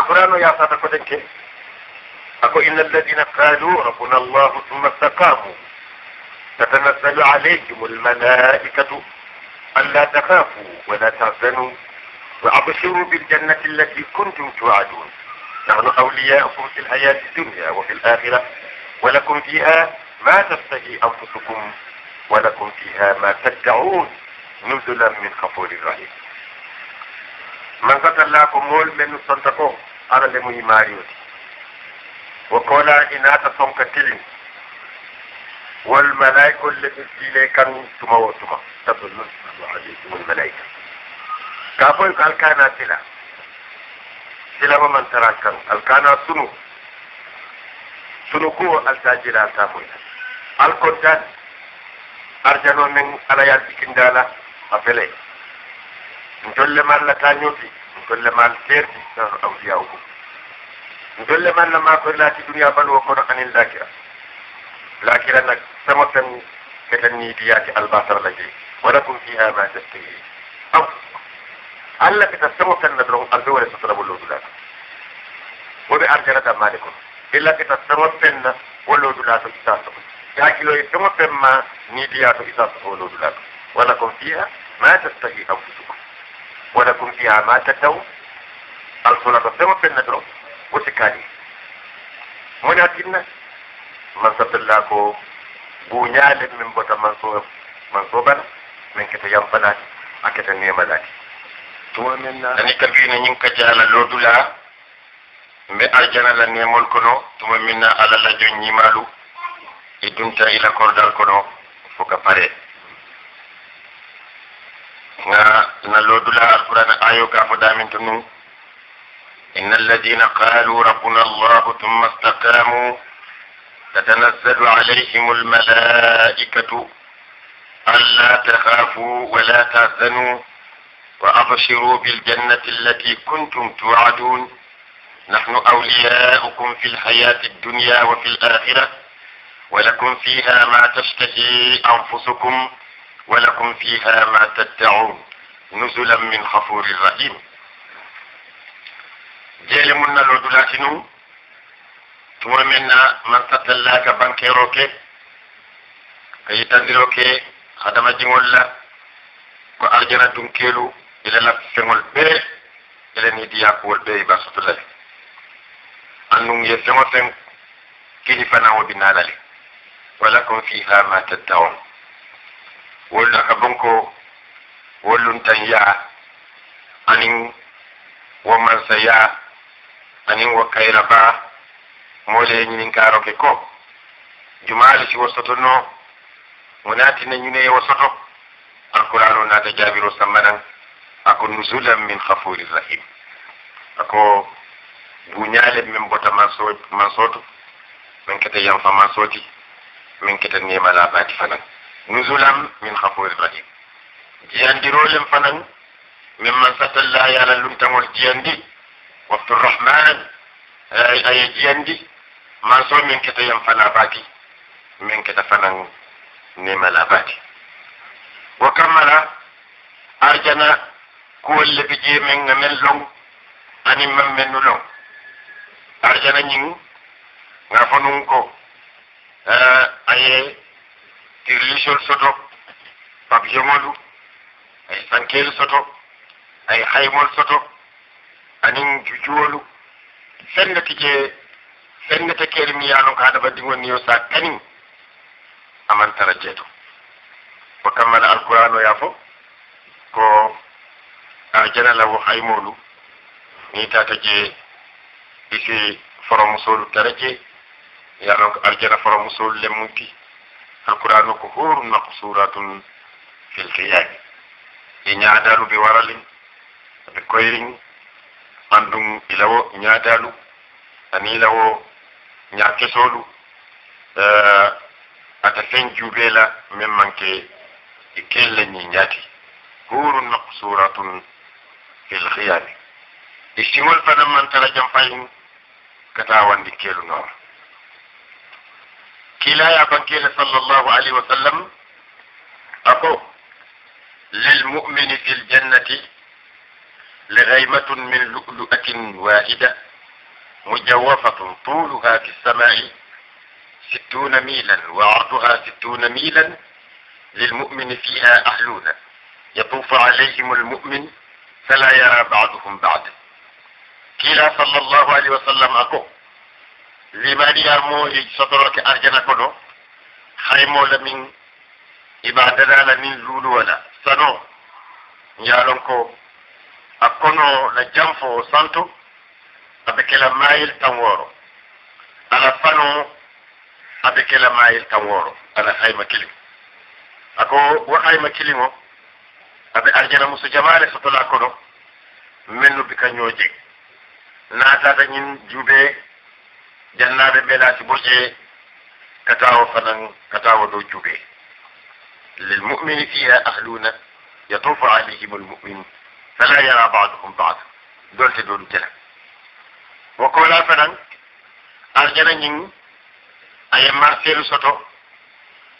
القرآن يا صادق ذلك أكو إن الذين قالوا ربنا الله ثم استقاموا تتنزل عليهم الملائكة ألا تخافوا ولا تحزنوا وأبشروا بالجنة التي كنتم توعدون نحن أولياءكم في الحياة الدنيا وفي الآخرة ولكم فيها ما تشتهي أنفسكم ولكم فيها ما تدعون نزلا من غفور رحيم من قتل لكم مول من سنتكم arale muy mu imariyoti wo kola inata sonka tilin wal malaikol le ɓe siile kan tuma wo tuma tadullu alaykum al malaika ka foy ko alkana sila silama man tara kan kana sunu sunu al tajira ta foyta alkoddan arjano men ala yaltikindala kindala fele ndolle malla la ñooti كل ما الفير تستر أولياؤه نقول لما لما كل لا تدنيا بل وكون عن الذاكرة لكن أنا سمتم كتني بيات الباطر لجي ولكم فيها ما تستهي أو ألا كتسموك النظرون الزوالي سطلب اللوز لك وبي أرجل دمالكم إلا كتسموك فن واللوز لك إساسك لكن لو يسموك فما نيدياتو إساسك واللوز لك ولكم فيها ما تستهي أو تسوكم ولكم فيها ما تدعوا الخلاصة سوى في النجرة وسكاني من أكيدنا من سبت الله كو بنيال من بطا منصوب منصوبا من كتا ينفلات أكتا نيمالات تومنا أني كبيرنا ينكا جالا لودولا mbe aljana la nemol kono tuma minna ala la jo ñimalu e dunta ila kordal kono foka pare nga na lodula يكاف دامن تنو إن الذين قالوا ربنا الله ثم استقاموا تتنزل عليهم الملائكة ألا تخافوا ولا تحزنوا وأبشروا بالجنة التي كنتم توعدون نحن أولياؤكم في الحياة الدنيا وفي الآخرة ولكم فيها ما تشتهي أنفسكم ولكم فيها ما تدعون نزلا من خفور الرحيم جيلي منا الودلاتنو تما منا من ستلاك بانكيروك كي تندروك خدم جنولا وأرجنا دنكيلو إلى لفنول بي إلى نيدياك والبي باسط الله أنهم يفنوفن كيفنا وبنالالي ولكم فيها ما تدعون ولكم كبنكو wolluntan ya anin wo mansa ya anin wo kayra ba mole ñinin karoke ko jumaali si wo sotono mo naatina ñune wo soto alqur'anu naata jaabiro sammanan ako nusulan min khafurir rahim ako buñaale min bota manso mansoto min kete yanfa mansoti min kete nemala baati fanan nusulan min khafurir rahim jiyandirolen fanan min man satalla yaala lumtagol jiyandi waftu rahman eh, aye jiyandi man so min keta yam fana baati min keta fanan nimala baati wo kammala arjana kuwol lebi jee men ga men long anin man men nu long arjana ñing ga fonun ko eh, aye tirlisol soto pabjomolu ay sankelu soto ay haymol soto anin jujuwolu sennete je sennete keeri mi yaalon ko haɗa baɗɗi wonni yo sa kanin amantara jeeto o kammala alquran o yaa fof ko janalawo haimolu ni ta je isi foromusolu tara je yaalon ko aljana foromusolu lemmunti alquran o ko horum maqsuratun fil qiyami ñaadalu ɓe waralin ɓe koyrin andum ilawo ñaadalu ani ilawo ñakesolu ata fen juuɓeela min manke e kelle ñi ñaati hurun maqsuratun fil khiyami e siŋol fana man tara jam fayin kata wandi keelu nooma kiilaya bankeele sallallahu alayhi wa sallam ako للمؤمن في الجنة لغيمة من لؤلؤة واحدة مجوفة طولها في السماء ستون ميلا وعرضها ستون ميلا للمؤمن فيها أحلونا يطوف عليهم المؤمن فلا يرى بعضهم بعد كلا صلى الله عليه وسلم أكو لما ديار مو يجسطرك أرجنا كنو خيمو لمن ibadata ala nin luulu wala sano njaalon ko hakkono no janfo santo aɓe kela mayel tan wooro ala fano aɓe kela mayel tan wooro ana hayma kilin ako wo hayma kilin o aɓe arjana musu jamaale sotola kono menno bi kañooje naatata ñin juube jannaaɓe ɓelaati boje katawo fanan katawo dow juubee للمؤمن فيها أهلون يطوف عليهم المؤمن فلا يرى بعضهم بعضا دول تدول تلا وقولا فنان أرجنا نين أي مارسيل سوتو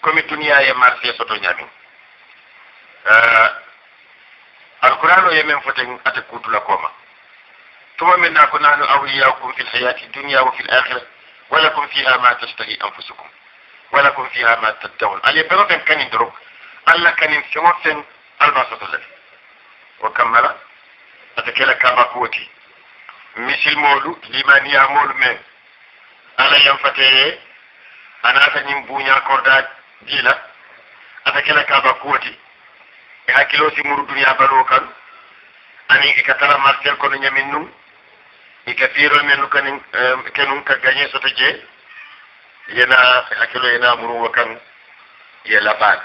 كومي دنيا أي مارسيل سوتو نيامين آه القرآن يمن فتن أتكوت لكوما ثم منا كنا أولياؤكم في الحياة الدنيا وفي الآخرة ولكم فيها ما تشتهي أنفسكم ولكم فيها ما تدعون ألي بلغن كان يدرك alla kanin siŋoten albasoto le wo kamma la ate ke la kabakuwo ti misilmoolu limaniyamoolu meŋ alla yanfate ye anaata ñiŋ buuña korda dii la ate ke la kabakuwo ti e hakkiloo si muru duniyaa baloo kaŋ aniŋ i ka tara martel kono ñamin nuŋ i ka fiirol mennu kaniŋ ke nuŋ ka gañee soto jee yena hakkilo yena muru wo kaŋ ye labaal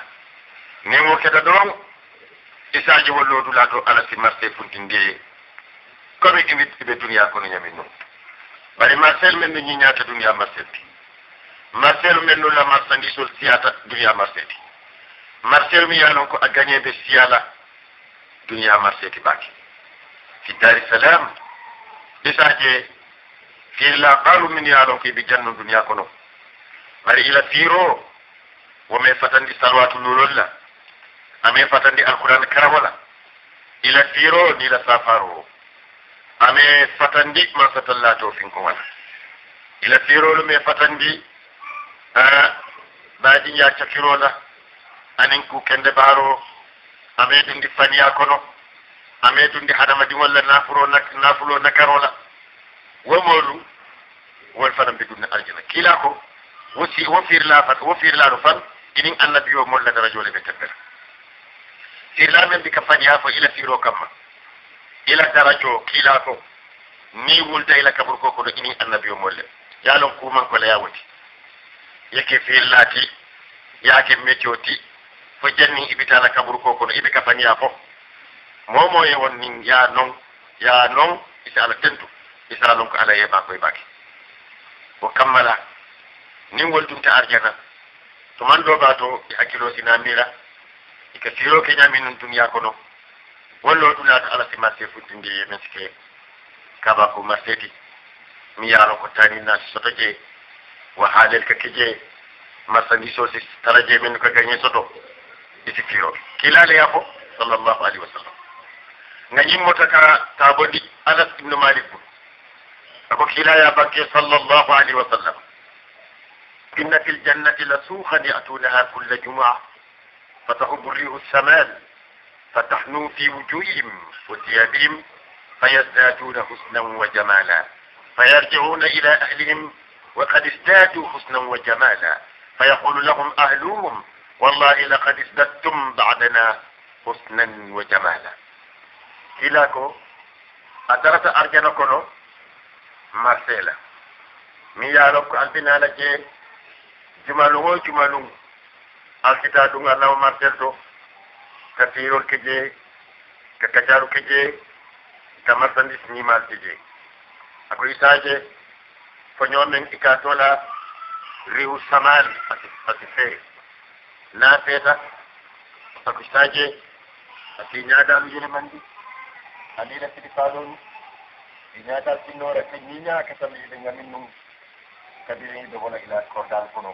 ni wo keta doron isaji wollodu laato ala si marché funtindiri komi ɗimi ɓe duniya kono ñami noon bari marcel men no ñiñata duniya marcel ti marcel men no la marchandisol siyata duniya marcel ti marcel mi yanon ko a gañede siyala duniya marcel ti ɓaake fi dari salam isaje fiirla ɓaalu min yaalon ko yiɓe janno duniya kono bari ila fiiro wome fatandi salwatu lulol la ame fatandi alquran karawala ila tiro ni la safaro ame fatandi ma satallato finko wala ila tiro me fatandi a baji ya cakirola anin ku kende baro ame dundi faniya kono ame dundi hadamadi walla nafuro nak nafulo nakarola womolu wol fanam be dunna arjana kila ko wosi wofirla fat wofirla do fan inin annabi yo molla dara jole be tabbata silamen bi ka fanya fo ila firo kamma ila darajo kila ko ni wulda ila kabur ko ko do ini annabi o molle yalon kuman ko la yawti yake filati yake metioti fo janni ibitala kabur ko ko do ibe ka fanya fo momo e won nin ya non ya non isa ala tentu isa lon ko ala e ba koy baki o kammala nin woldum ta arjana to man do ba to hakkilo sinamira ika siro ke ñami nun duniya kono wallo ɗunata ala si marché fuddindi min sike kaba ko marché ti mi yaaro ko tani na soto je wa haalel ka kije marchandise o si tara je min ko gagné soto isi firo kilale ya fo sallallahu alaihi wa sallam nga yimmota ka taabodi anas ibnu malik bo ako kilaya bakke sallallahu alaihi wa sallam inna fil jannati la suuhan yatunaha kulla jumaa فتهب الريح السمال فتحنو في وجوههم وثيابهم فيزدادون حسنا وجمالا فيرجعون إلى أهلهم وقد ازدادوا حسنا وجمالا فيقول لهم أهلهم والله لقد ازددتم بعدنا حسنا وجمالا كلاكو أدرت أرجنا مارسيلا مي يالوك ألبنا لكي جمالو جمالو alkita ɗum allahu martelto ka fiirol ke jee ka kajaru ke jee ka martandis ñimal ke jee ako isaaje foñomen ika tola riwu samal asi fee na feeta ako isaaje asi ñaadaalu yele mandi alila sidi faalonu i ñaadaal sinnoora ke ñiñaa ke tambiiɗe ngamin num kabiri ɗo wona ila kordal kono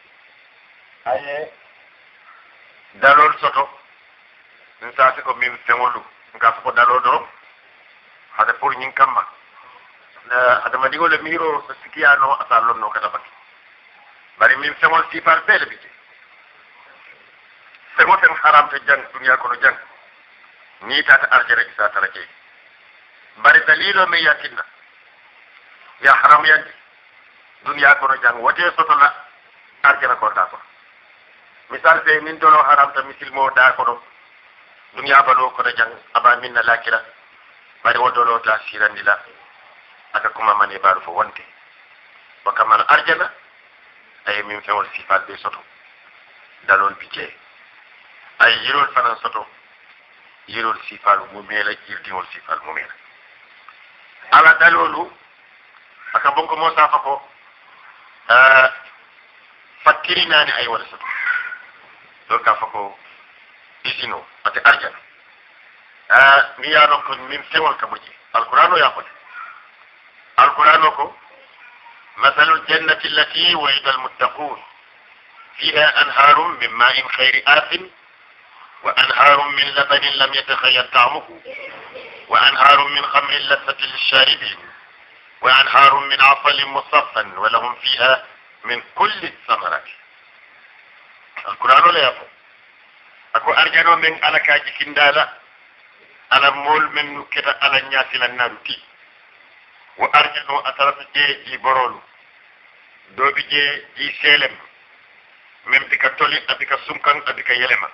aye dalol soto n saasi ko min feŋolu nka fo ko daloo doro hade pour ñiŋ kamma adamadiŋo le miiro so sikiyaa noo a saa lonno kata baki bari min feŋol siifaal bee le bi je feŋo feŋ haramte jaŋ duniyaa kono jaŋ nii taata arjere isa tara jee bari dalilo meŋ yakinna ya haramuyandi duniyaa kono jaŋ wote soto la arjere kontaa kono misal fe min dolo haramta misilmo da ko ɗo ɗum yabalo kono jang aba minna lakira bari wo dolo ta sirandi la aka kuma mane baru fo wonte wa kamal arjana aye min fewol sifat be soto dalol bijee ay yirol fanan soto yirol sifalu mumela irdiwol sifal mumela ala dalolu aka bonko mo safa ko fakkirinaani ay wala soto donc à آه، مثل الجنة التي وعد المتقون فيها أنهار من ماء خير آف وأنهار من لبن لم يتخير طعمه وأنهار من خمر لذة للشاربين وأنهار من عسل مصفى ولهم فيها من كل الثمرات alkurano la yafo ako arjano men ala ka jikindala ala mol men keta ala ñasilan naru ti wo arjano atarata je ji borolu doɓi je ji selem men bika toli abika sumkan abika yelema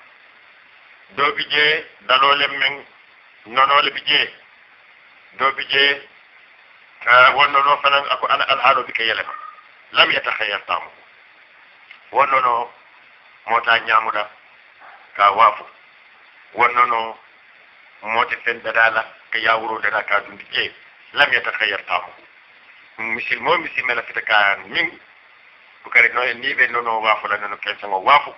doɓi je dalolem men nonole bi je doɓi je wonnono fanan ako ala alhaɗo bika yelema lam yatahayyar tamuhu wonnono mota ñamuda ka waafo wonno no moti fen dadala ka yawurodata ka dundi ƴee lam yatahayyartamo misilmo misimela fita ka min bukari no en ni ɓe nono waafola nono kensen o waafo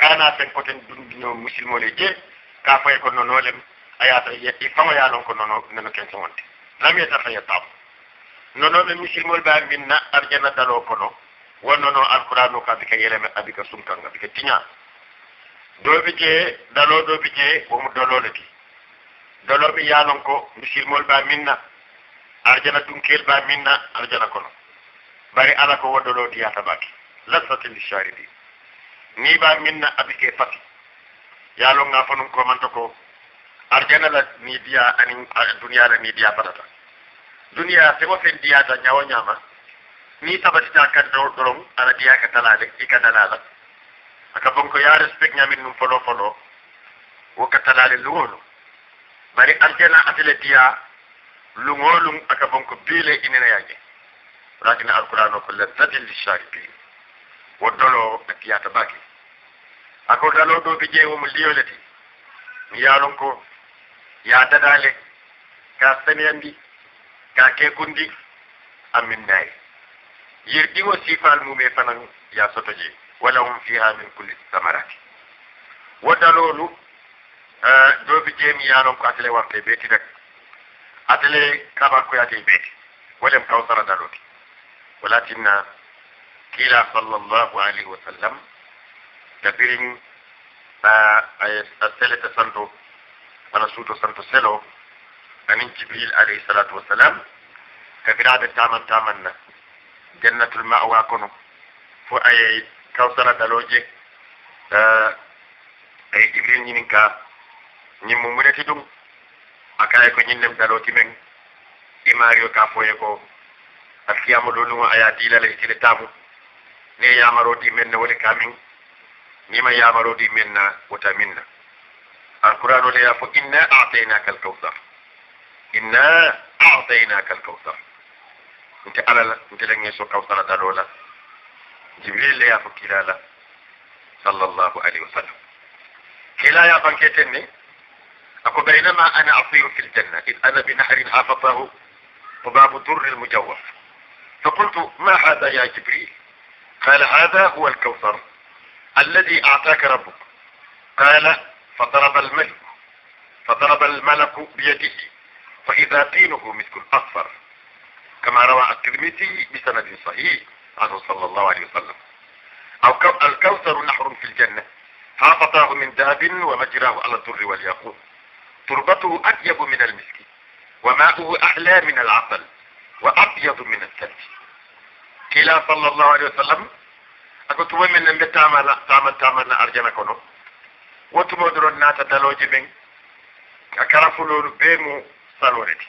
kana fen koten dundino musilmole ƴee ka faye ko nonolem ayata i faŋoya lon ko nono nono kensen wonte lam yatahayyartamo nonoɓe misilmol ɓe min na arjana dalo kono wonno no alquran o ka bika yeleme abika sumtanga bika tiña doɓe je daloɗoɓe je womo dolole ti doloɓe yanon ko misilmol ba minna arjana dunkel ba minna arjana kono bari ala ko waddoloɗi yatabaki lassatin lisharidi ni ba minna abike fati yalon ga fanun ko manta ko arjana la ni diya anin duniya la ni diya patata duniya sego fen diyata ñawo ñama ni tabatita kaddoo ɗorom ana ɗiyaka talade ika dalala aka bonko ya respect ñamin num folo folo woka talade luŋolu bari aljana atele diya luŋolum aka bonko biile inenayaje walakina alqurano ko lazzatin lichakirin wo dolo a tiyata baake ako dalo ɗo bi ƴeewomo liyoleti mi yaalon ko ya dadale ka saniyandi ka kekundi amin nayi yirdiŋo siifaal mume fanaŋ ye a soto je walahum fiha min kulli samarati wo daloolu doo bi jeemi ye a loŋ ko ate le warte beeti rek ate le kabankoyate beeti wo lem kawsara daloo ti walatinna kiila sallallahu alayhi wa sallam tabiriŋ a selete santo ana suuto santo selo aniŋ jibril alayhi salatu wasalam kabiraade taaman taaman na jannatul ma'wa kono fo ay kawsara daloje e, ay jibril ñinin ka ñin mu mudati ɗum akaye ko ñinnem daloti men imario e ka foye ko alkiyama ɗo lumo aya dilala e tile tabu ne di men na woni kamin nima di men na wota minna alquran ole ya fo inna atainaka kawsar inna atainaka kawsar nte ala la nte la ŋeso kawsara daloo la jibril le ye a fo kiila la sallallahu alayhi wa sallam kiila ye a fanketen ne a ko baynama ana asiru fi ljanna id ana binahrin hafatahu hubabu durri lmujawaf فقلت ما هذا يا جبريل قال هذا هو الكوثر الذي أعطاك ربك قال فضرب الملك فضرب الملك بيده فإذا طينه مثل الأصفر كما روى الترمذي بسند صحيح عنه صلى الله عليه وسلم أو الكوثر نحر في الجنة هابطاه من داب ومجراه على الدر والياقوت تربته أطيب من المسك وماؤه أحلى من العسل وأبيض من الثلج كلا صلى الله عليه وسلم أكتب من نمبي تعمل تعمل تعمل أرجانا كنو وتمودرون ناتا دالوجي بين أكرفلون بيمو سالوريتي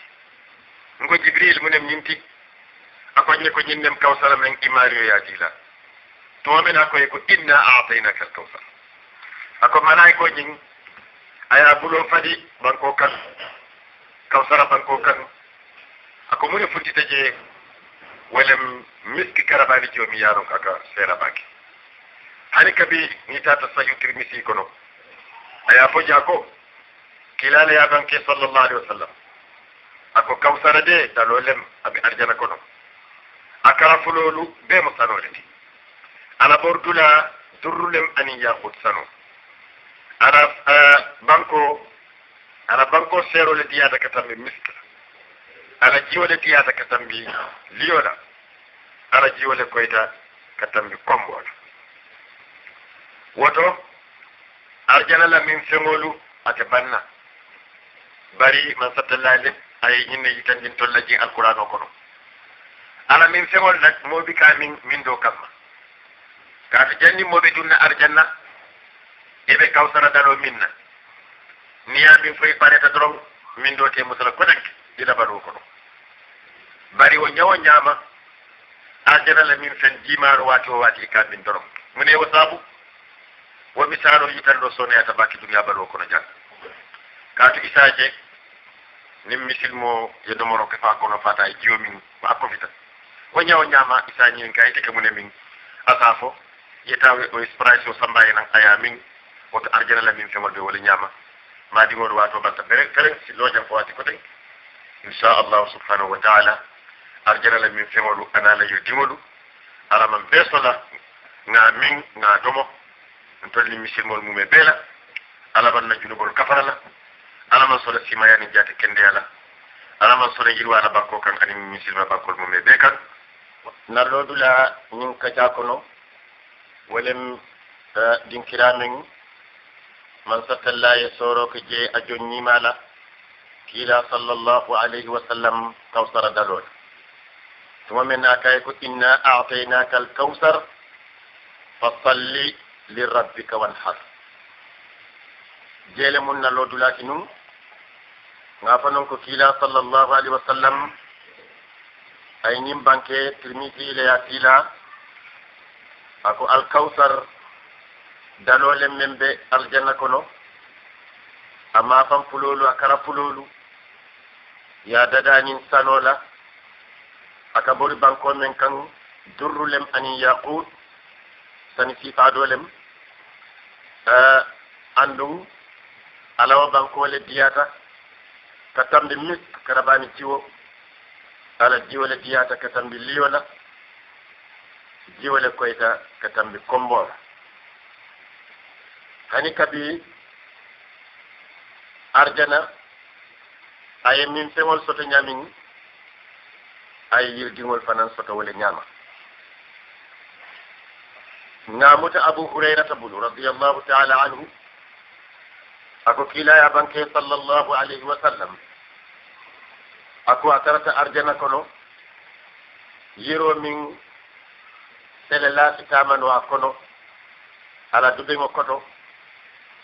ngo jibril munem ñinti akoñne ko ñinnem kawsara men imario yaatila tomen akoye ko inna ataynaka al kawsar ako manay ko ñing aya bulo fadi banko kan kawsara banko kan ako mune funtita je walam miski karabani joomi yaaron aka seera baake hani kabi ni tata sayu tirmisi kono aya fo jako kilala yabanke sallallahu alaihi wasallam ko kawsara de daloo lem aɓe arjana kono a kara fuloolu bee mo sanoole ti ala bordula durrulem anin yakut sano ala banko ala banko seerole diyaata ka tambi misk ala jiwole diyaata ka tambi liyola ala jiwole koyta ka tambi komboola woto arjana la min feŋolu ate banna bari man le ay tan ñu tolla tollaji alqur'an ko kono ana min feŋol nak moɓi ka min min do kam kamma kaata janni be dunna arjanna e be kawsara dalo min na niya fay pare ta doron min do te musala ko nak di kodak ko kono bari o ñawo ñaama arjana la min fen jimaaro waati o waati ka min doron mune wo saabu wo misaaro yitan ɗo sonoyata bakke duniya ko kono jang kaatu isaaje nin misilmo ye domoro ke fa kono fata e jiyo min ma kofita o ñawo ñama isañin ka iteke mune min asa fo yetawe o inspiration sambaye nan aya min woto arjana la min femol ɓe wole ñama madi ngoɗo wato balta bere banta feren lojam ko wati koten inchallahu subhanahu wa taala arjana la min femolu anala yo dimoɗu araman beesola ga min ga domo en tolli misilmol mume beela alabanna junubol kafarala alama solo simayani jati kende ala alama solo yirwa ala bakko kan ani misilma bakkol mum e ɓe kan narɗoɗula min kaca kono walem ɗinkiramin man sattalla e soro ko je a jonnimala kiila sallllahu alayhi wa sallam kawsara daloɗo tuma men akaye ko inna ataynaka alkawsar fa salli lirabbika wanhar jele mun na lodulati nun nga fanon ko kila sallallahu alaihi wa sallam nim banke banque le ya kila ako Dalo dalole men ɓe aljanna kono amma fan pulolu a kara ya ya nin sanola aka bori banko men kan lem ani yaqut sani sifaɗolem eh, andu. alawa bankole diyata ka tambi mis karabani ciwo ala jiwole diyata ka tambi liyola jiwole koyta ka tambi kombora hani kabi arjana aye min fengol soto ñamin aye yirdiŋol fanan soto wole ñama ngamuta abu hurairata bulu radiallahu taala anhu اكو كيلايا بانكي صلى الله عليه وسلم اكو اترت ارجنا كنو يرو من سللا ستامن واكنو على دبين وكتو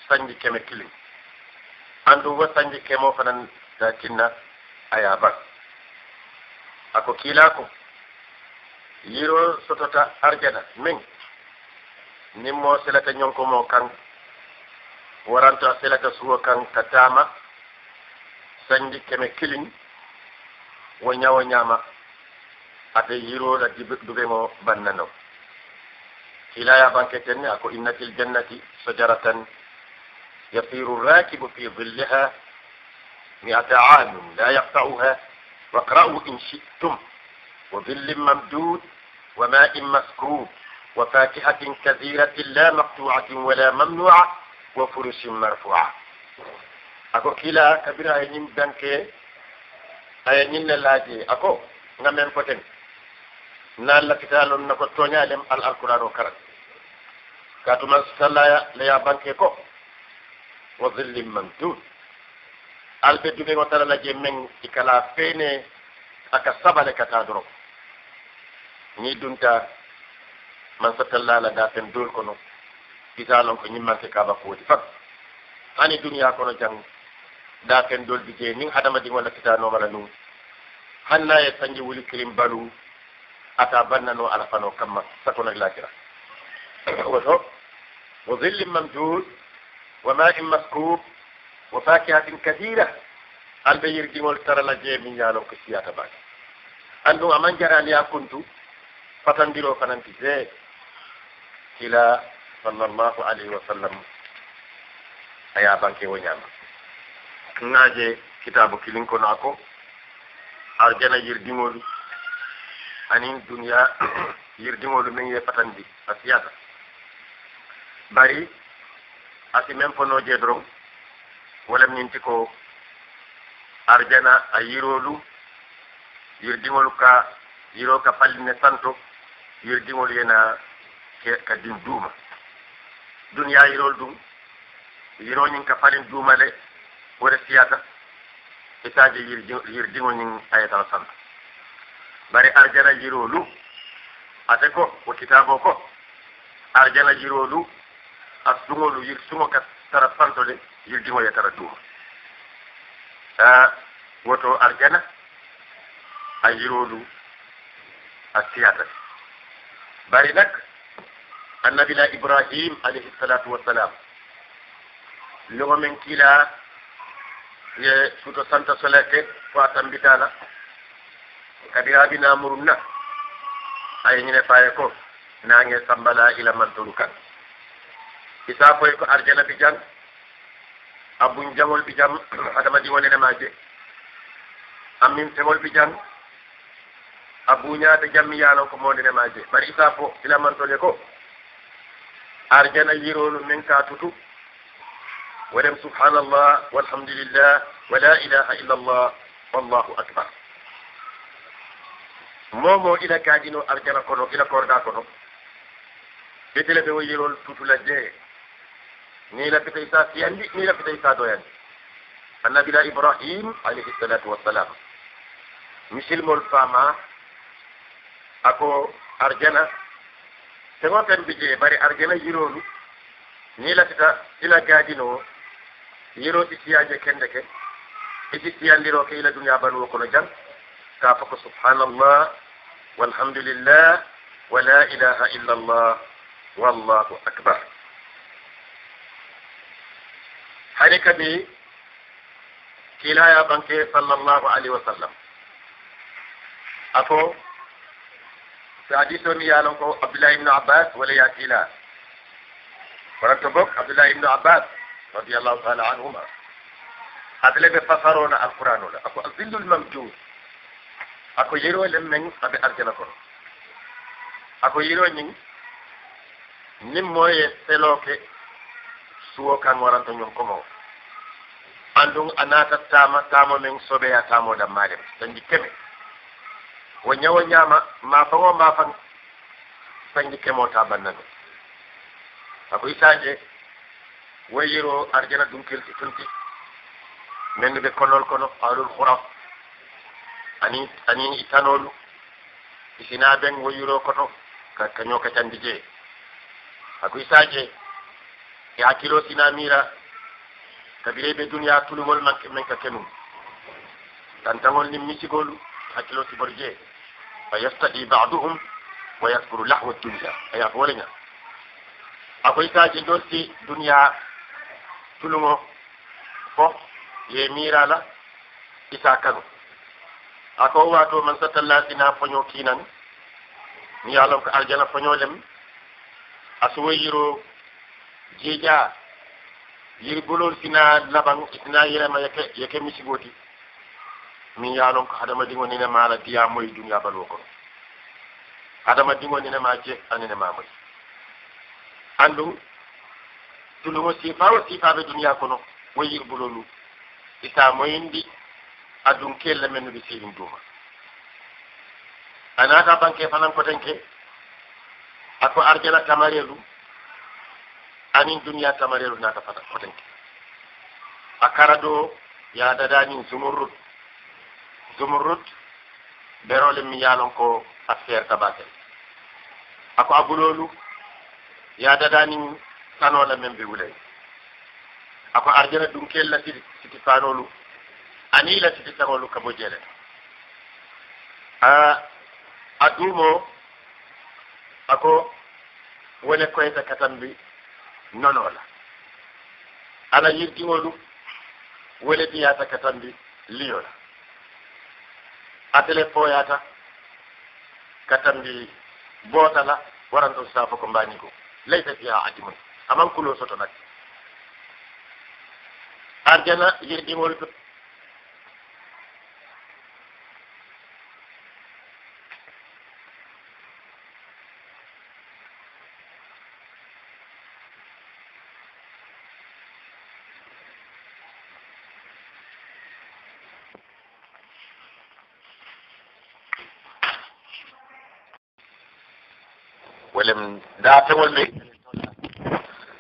سنجي كمي كلين أندو وسنجي كمو فنن تاكينا ايا بان اكو كيلاكو يرو sotota arjana min nimmo selata ñonko mo kan waranto a selata suwo kan ka taama sanji keme kilin wo ñawo ñaama ate yirola dube mo bannano hilaya banke tenne ako innatil jannati sajaratan yasiru rakibu fi dhilliha miata amin la yaqtauha waqra'u in shi'tum wa dhillin mamdud وماء مسكوب وفاكهة كثيرة لا مقطوعة ولا ممنوعة وفرش مرفوعة ako kila kabira ay ñim danke ay ñin la laaje ako nga men poten na la kitalon nako toñalem al alquran o karat katuma sallaya la ya banke ko wa dhillim mamdud albe dume ko tala la je men ikala fene aka sabale kata doro ni dunta man satalla la da fen dol kono ita lon ko nyimman ke kaba ko fat ani duniya kono jang da ken dol bi je nin adama di wala kita no mala nu hanna ya sanji wuli kirim balu ata bannano ala fano kamma sakona lakira wato wa dhillin mamdud wa ma'in maskub wa fakihatin kathira albe yirgimol tarala je min yalon ko siyata baki andum aman jarali ya kuntu fatandiro fananti je kila sallallahu alaihi wasallam aya banke wo ñama ŋaaje kitabu kilinkono ako arjana yirdiŋolu anin duniya yirdiŋolu meŋ ye patandi a siyata bari asi meŋ fono je doroŋ wolem nin ti arjana a yirolu yirdiŋolu ka yiro ka palline santo yirdiŋolu yena ka dim duuma duniya yirol dum yiro ñin ka farin duumale wala siyata itaje yir diŋo ñin ayatala santa bari arjana yirolu ate ko wo kitabo ko arjana yirolu a suŋolu yir suŋo ka tara santo le yir diŋo ye tara duuma woto arjana a yirolu a siyata bari nak annabila ibrahim alayhi salatu wassalam logo men kiila ye suto santa solete fa tambitala kadi haabina murum na aye ñine faye ko nange sambala ila mantolu kan isa foye ko arjana bi jan abun jawol bi jam adamadi wonenema je amin tewol bi jan abuñaade jammi yaano ko mondinema je bari isa fo ila mantole ko arjana yirolu men ka tutu ولم سبحان الله والحمد لله ولا إله إلا الله والله أكبر momo ila kaajino arjana kono ila korda kono ɓetele ɓe woyirol tutula jee ni la fitay sa fiyandi ni la fitay sa doyandi annabila ibrahim alayhi salatu wassalam misilmol fama ako arjana feŋo feŋ bi jee bari arjana yiroolu niŋ lafita i la gaajinoo yiroo i siyaa je kende ke i si siyandiroo ke i la duniyaa banuwo kono jaŋ ka fo ko subhanallah walhamdulillah wa la ilaha illa allah wallahu akbar hani kadi kiilaya banke sallallahu alayhi wa sallam afo حديث وني يالون كو عبد الله بن عباس ولا ياتيلا ورتبوك عبد الله بن عباس رضي الله تعالى عنهما أبلا بفسرونا القرآن ولا أكو الظل الممدود أكو يروي لمن أبي أرجلكم أكو يروي نين نين موي سلوكي suwo kan waranto ñon komo andun anata tama tama men sobe ya tamo da mare wo ñawo ñaama ma faŋo ma faŋ sanji kemo ta banna no ako isaje wo yiro arjana dunkirti tunti mendu ɓe kollol kono qawlul huraf ani ani itanolu isina ɓen wo yiro koto kaño kacandi jee ako isaje e hakkilo sina mira kabire ɓe duniya tulugol manke men ka kenum tantaŋol nin misigolu hakkilo sibor jee فيستحي بعضهم ويذكر لحو الدنيا أي أقولنا أقول تاجي دوسي دنيا تلمو فو يميرا لا إسا كانوا أقول واتو من ستلا سنا فنيو كينا نيالو كأرجل فنيو لم أسويرو جيجا yirgolol sina laban sina yelema yake yake misigoti min ya lon ko hadamadiŋo nene ma la diya moyi duniya baluwo kono hadamadiŋo nene ma je anene ma moyi anduŋ tuluŋo sifa wo sifa be duniya kono wo yirbulolu isa moyindi aduŋ keel la mennu be sirin duuma a naata banke fanaŋ koten ke a ko arjana tamarelu anin duniya tamarelu naata fata koten ke a kara do yaadadanin sumurrut zumurrut berole mi yalon ko affaire tabatel ako abulolu ya dadani sanola men be wulay ako arjana ɗum kella siti siti fanolu anila siti tagolu kabo jele a a ɗumo ako wone koyta katambi nonola ana yirtiŋolu wole ɗiyata katambi liyola atele foyata katambi bootala waranto safo ko mbani ko laysa fiha ajmun aman kulo soto nak arjana yirɗimol datewol ɓe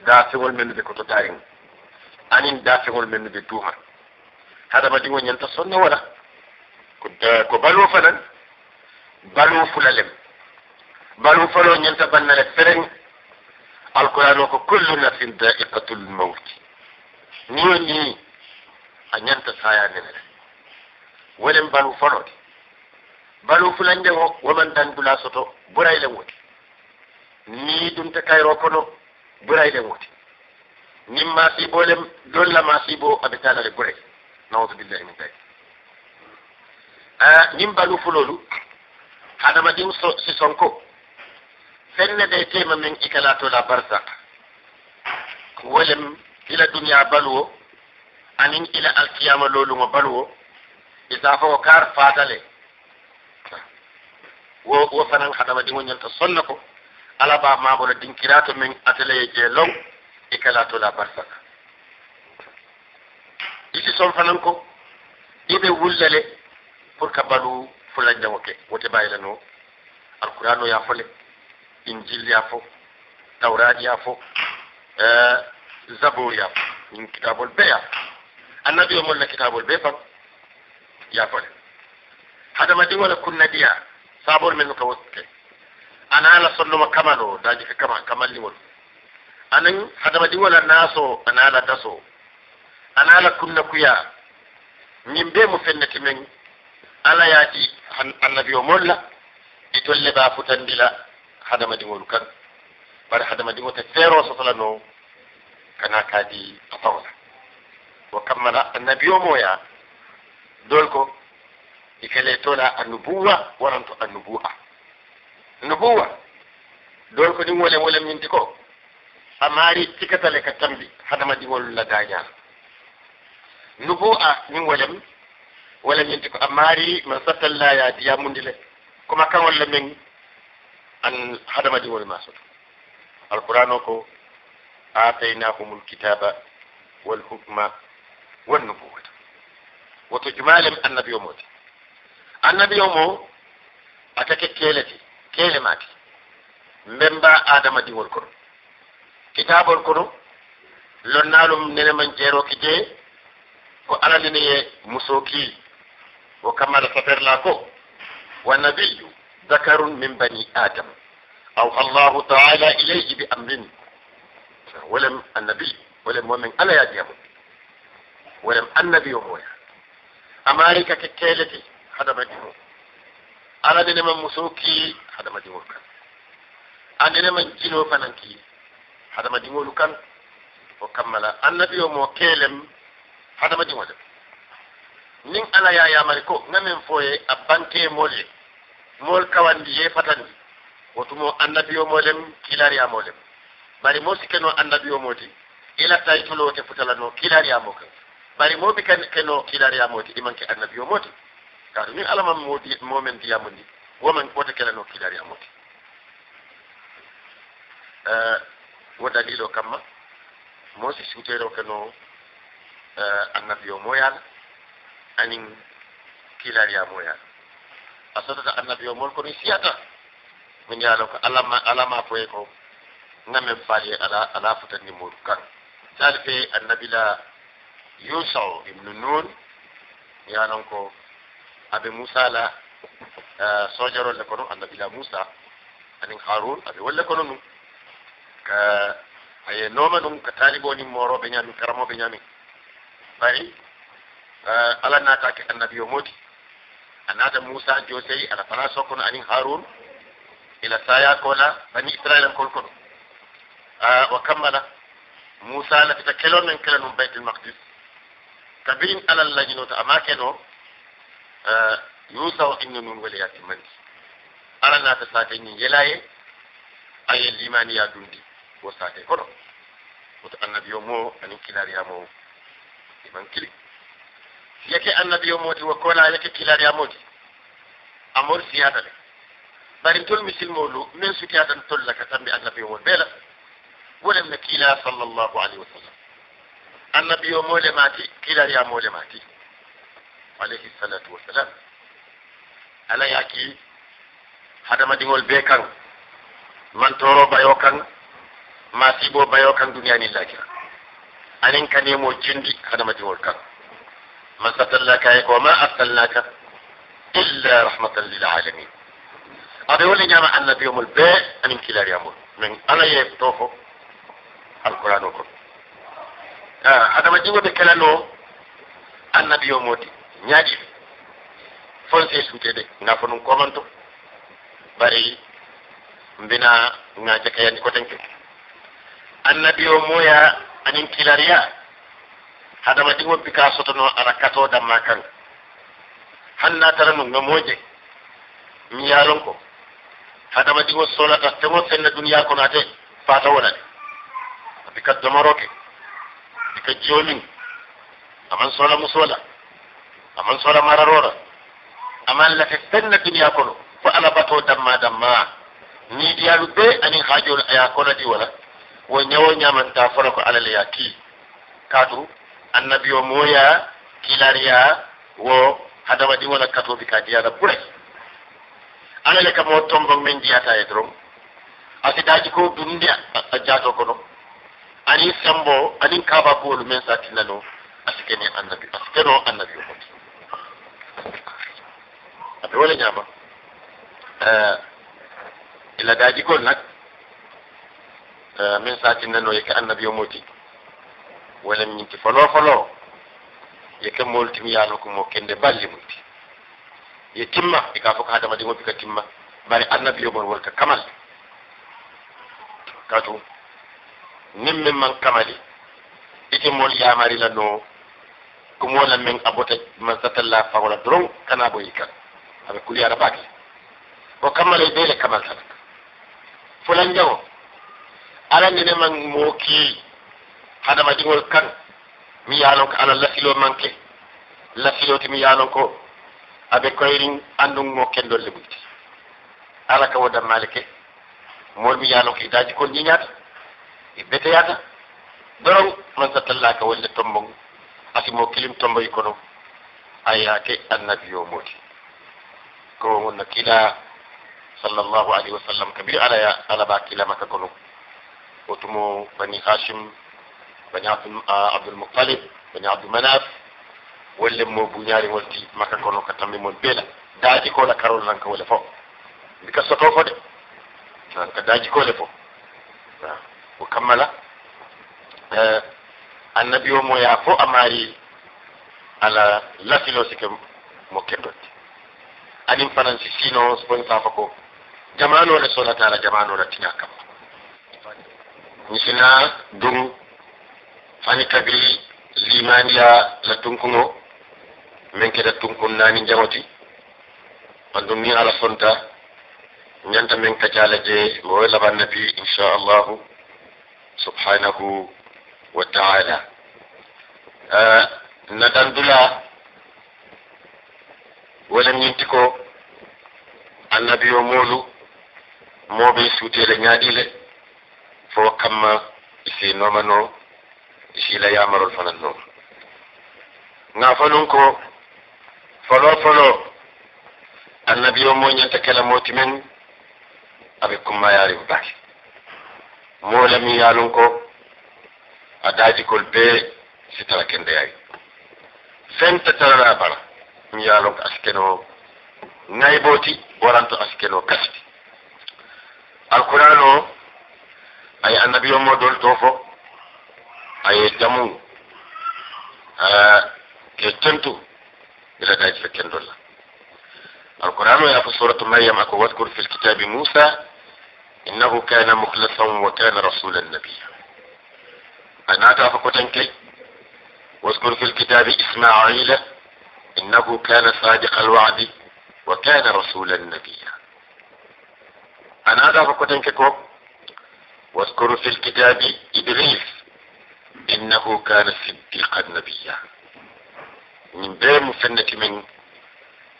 datewol men ɓe koto darim anin datewol men ɓe duuma haɗa madi o ñanta sonna wala ko baloo fanan baloo fulalem baloo falo ñanta bannale feren alquran o ko kullu nafsin daiqatul mawt ni o ni a ñanta saya nenere wolen baloo falode baloo fulande o woman dan dula soto burayle woni ni ɗum te kayro kono burayɗe woti nin masibolem dolla masibo aɓe talare buray naudu billahi min dalik a nin balu fulolu hadamadin si sonko fenne de tema min ikalatola barsak wolem ila duniya baluwo anin ila alkiyama lolugo baluwo isa fo ko kar fatale wo wo fanan hadamadin o ñanta sonna ko ala ba ma dinkirato min atele je long e kala la barsaka isi son fanan ko ibe wullale pour ka balu fulan jawo ke wote bayilano alqur'ano ya fole injil ya fo tawrat ya fo eh zabur ya fo min kitabol beya annabi mo la kitabul be fam ya fole hadama dingola kunna diya sabor men ka wotte ana ala sonnoma kamalo daji ka kama kamalliwol anan hadamadiwol a naaso ana ala daso ana ala kunna kuya ñin be mo fennati men ala yaati annabi o molla e tolle ba futandila hadamadiŋolu kan bari hadamadiŋo te feero sotola no kana kaadi a fawola wo kammala annabi o moya dol ko i kele tola annubuwa waranto annubu'a nubuwa dol ko ɗum wole wolem yindi ko a maari cikatale ka tambi hadama ɗiŋol la dañal nubuwa ɗin wolem wolem yindi ko a maari ma sattallaya diya mundi le koma kaŋol le meŋ an hadama ɗiŋol ma soto alquran o ko ataynahumul kitaba wal hukma wan nubuwata woto jumalem annabi o mote annabi o mo atake kelete kelemaki mbemba adama diŋol kono kitabol kono lonnaalum jero jeero kitee ko ala nene ye musoo kii wo kamala saperla ko wa nabiyu dakarun min bani adam aw allah taala ilayhi bi amrin wolem annabi wolem momin ala ya diyamo wolem annabi o moya amari kake kelete hadama dimo ala nene hadamadiŋolu kan anene maŋ jinoo fanaŋ ki hadamadiŋolu kan o kamma la annabiyo moo kee lem hadamadiŋo le niŋ ala ye a yamari ko ŋa meŋ fo ye a bantee moolu ye moolu kawandi ye fatandi wotumo annabiyo moo lem kiilariyamoo lem bari moo si kenoo annabiyo moo ti ila tayituloo te futala noo kiilariyamoo kan bari moo bi kenoo kiilariyamoo ti i maŋ ke annabiyo moo ti kaatu niŋ ala maŋ moo men diyamundi ومن وده كلا نوكي داري أموكي آه، وده ليلو كما موسي سنتيرو كنو آه، النبي مويال أنين كيلاري مويال أصدت النبي مويال كنو سياتا من يالوك ألا ما فويكو نمن فالي ألا ألا فتني مولكا سالفي النبي لا يوسع ابن نون يالوكو أبي موسى لا sojaro le kono annabila musa anin harun abi wala kono num ka aye talibo ni moro be moroɓe karamo be ñamin bari ala na naatake annabi o moti anata musa moussa joseyi ala fara sokkono anin harun ila saya kola bani israil kol kono wa kammala musa la lafita kelon men kela num baytul maqdis kabirin alal lajinota ama keno yusaw inna nun waliyati man ala na ta sate ni yelaye aye limani ya dundi wo sate kono woto annabiyo mo anin kilariya mo iman kili yake annabiyo moti wo kola yake kilariya moti amor siyata le bari tol misilmolu min sutiyatan tolla ka tambi annabiyo mo bela wolem ne kiila sallllahu alayhi wa sallam annabiyo mole maati kilariya mole maati alayhi salatu wassalam ala yaki hadamadiŋol bee man toro bayo ma sibo bayo kaŋ duniyanin lakira aniŋ ka nemo jindi hadamadiŋol kaŋ mansatalla kaye ko ma arsalnaka illa rahmatan lil alamin abi aɓe nyama annabi yumul be anin kilari kilariyamol min ala ye to fo alqouran o kon hadamadiŋo ɓe annabi yumoti nyaji fonse suutede nga fo ɗum komanto bari mbina nga ko tanke annabi o moya anin kilariya hadama ɗin bika ka sotono ara kato damma kan hanna tara no nga moje mi yalon ko hadama ɗin solata temo senna duniya ko nate fata wonani bika ka domoroke ɗi ka aman sola musola aman sola mararora aman late fenna duniya kono fo ala bato damma damma ni diyalu be ani hajol aya konadi wala wo ñawo ñamanta fona ko alal ya ki katuru annabi o moya kilariya wo hadama ɗi wona katoɓe ka diyala ɓuray alale kam o tombo men jiyata e doron asidaji ko dunde a jato kono ani sambo anin kaba boolu men sa tinnano asikene annabi asikeno annabi o hoti dafa wala ñaama ila daaji gol nag min saati nano yeke annabi yo mooti wala ñinti foloo foloo yeke mooltimi yaalo ko mo kende balli mumti ye timma e ka fof ko hadama ɗi goppika timma bari annabi yo mon wonka kamal katu nin min man kamali ite mool yamarila no ko moolan min abota man satalla fawola doron kana boyi kan amekulia na baki wakamala ibele kama salak fulan jawo ala ne ne man moki hada majingol kan mi yalon ko ala lafilo manke lafilo ti mi yalon ko abe koyrin andung mo kendol le buti ala ka wada malike mol mi yalon ko idaji kon nyaata ibete yata dorom man satalla ka wala tombong asi mo kilim tomboy kono ayake annabi yo moti كوم النكلا ان الله عليه وسلم كبير على على باكلا ما كنوا بني هاشم بني عبد آه، المطلب بني عبد مناف واللي مو بنياري ملتي ما كنوا كتمي من بلا داجي كولا كارول رانك ولا فوق بكسر كوفة داجي كولا فوق وكملا آه النبي هو يعفو أماري على لا فيلوسك مكبرتي anin fanan si sino spoin kafa ko jamano le sola tala jamano le tinya kam misina dum fani kabi limaniya la tunkuno men keda tunkun nani jamati andum ni ala fonta nyanta men kacala je wo laban nabi insha Allah subhanahu wa ta'ala uh, na dandula wolen ñinti ko annabi o moolu mooɓe suutele ñaaɗiile fo kamma isi noomano isila yamarol fanan noon nga fanun ko folo folo annabi o moñanta kela mooti men aɓe kummayari la moolami yaalon ko a daajikol bee sitara kendeyayi fen tatarana bara ñaalok askeno nayboti waranto askeno kasti alquran o ay annabi o modol to fo aye jamu ke tentu ila dayt fe kendolla القرآن يا في سورة مريم أكو واذكر في الكتاب موسى إنه كان مخلصا وكان رسولا نبيا أنا تعرف كتنكي واذكر في الكتاب إسماعيل إنه كان صادق الوعد وكان رسولا نبيا أنا هذا فقدنككم واذكر في الكتاب إبليس إنه كان صديقا نبيا من بين مسنة من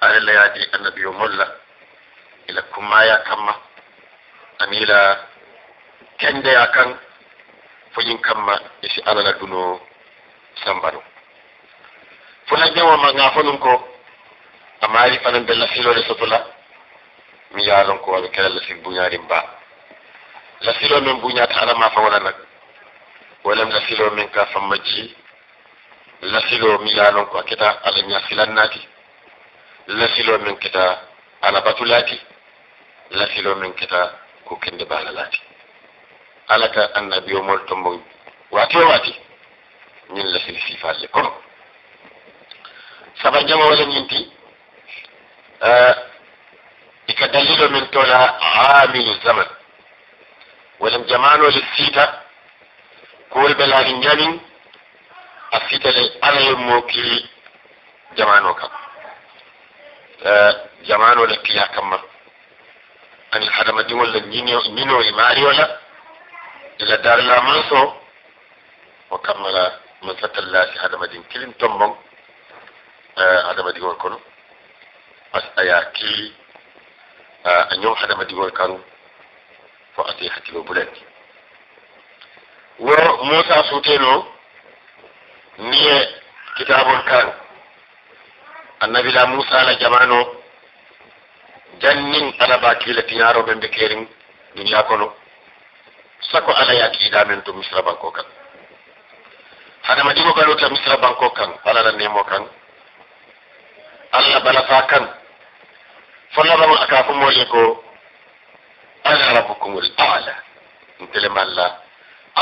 على الليادي النبي مولا إلى كما يا كما ام إلى كند يا كان فجن كما إشي على لدنو سنبرو fula jawo ma nga fonun ko amari fanan bella filore sotola mi yalon ko wala kala lafi buñari mba la filo men buñat arama fa wala nak wala la filo men ka fa majji la filo mi yalon ko kita ala nya filannati la filo men kita ala batulati la filo men kita ko kende balalati alaka annabiyo mol tombo wati wati ñin la fil fifalle kono saba jamoole ñinti ika dalilo min tola amilu zaman walam jamanole siita kowol ɓe laari ñamin a siitale alaye mookili jamano kam jamanole kiya kamma ani hadama diŋol la ñinoyi maario la ila daarla manso o kamma la man satallasi hadama din kilin tombon hadama digon kono as ayaki a nyom hadama digon karu fo ate hatibo bulet wo musa suteno niye kitabol kan annabila musa la jamano jannin alaba kila tiyaro ɓe mbe kerin duniya kono sako ala yakiiɗamen to misra banko kan hadama digo galo ta misra banko kan ala la nemo kan alla balata kan folla ramu aka ko molle ko ana rabbukum al-a'la ntele malla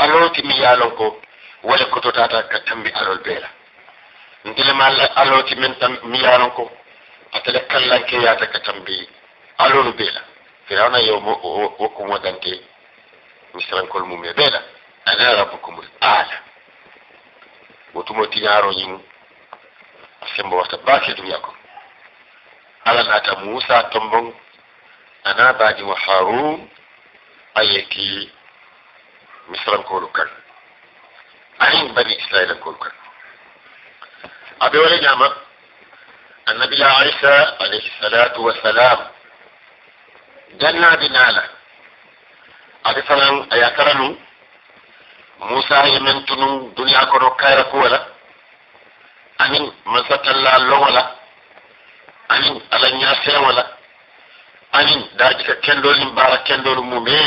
alo ki mi yalon ko wala ko totata ka tambi alol bela ntele malla alo ki min tam mi yalon ko atele kallan ke yata ka tambi alol bela firawna yo wo ko modante misran kol mum bela ana rabbukum al-a'la wotumo tiñaro ñin sembo wata baake dum yakko ala nata Musa tombong ana baji wa Harun ayeki misran ko lukan ayin bani Israel ko النبي عيسى عليه الصلاة والسلام جنة بنالة أبي سلام أيا كرنو موسى يمنتنو دنيا كنو كيرا كولا أمين من ستلا اللولا amin alan ya sewala amin daji ka kendolin bara mu me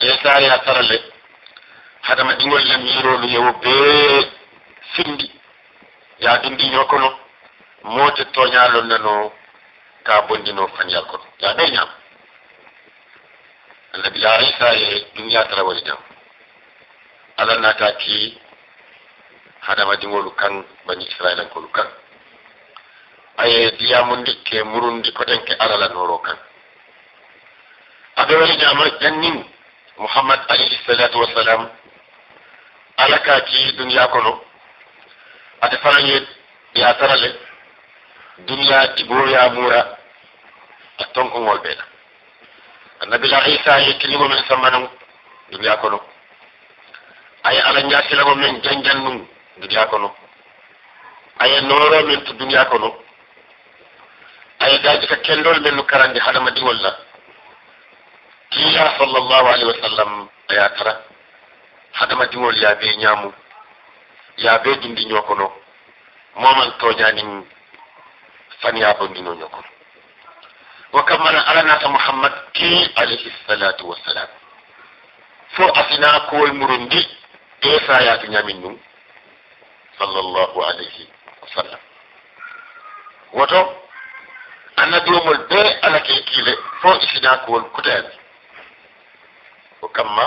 ya sare ya ma dingol ɗingol miro lu yewu be sindi ya dindi mota tonya toñalol nano ka bondino fanyal kono ya nyam ala bi ya isa ye ɗum tara woni jam na ka ki hadama dingol kan bani israilankolu kan aye di murundi tanke alala noro kan aɓe wali ñamar muhammad alayhi salatu salam alaka ci duniya kono ate ya tarale duniya ya mura a tonkongol annabi la isa yekkiligo men samana duniya kono aye ala mo men janjan num duniya kono aye noro men to duniya kono ay gaji ka kendol ɓe no karandi haɗama diwol la tiya sallllahu alayhi wa sallam aya tara haɗama diwol yaabe ñaamu yaabe dundi ñokono moman toñanin faniya bondino ñokono wo kammana alanata mouhammad ti alayhi salatu wassalam fo asina kowol murundi e sayatu ñamin num sallllahu alayhi wa sallam woto annabiomol bee ala ke kiile fo isinaakowol kutaabi o kamma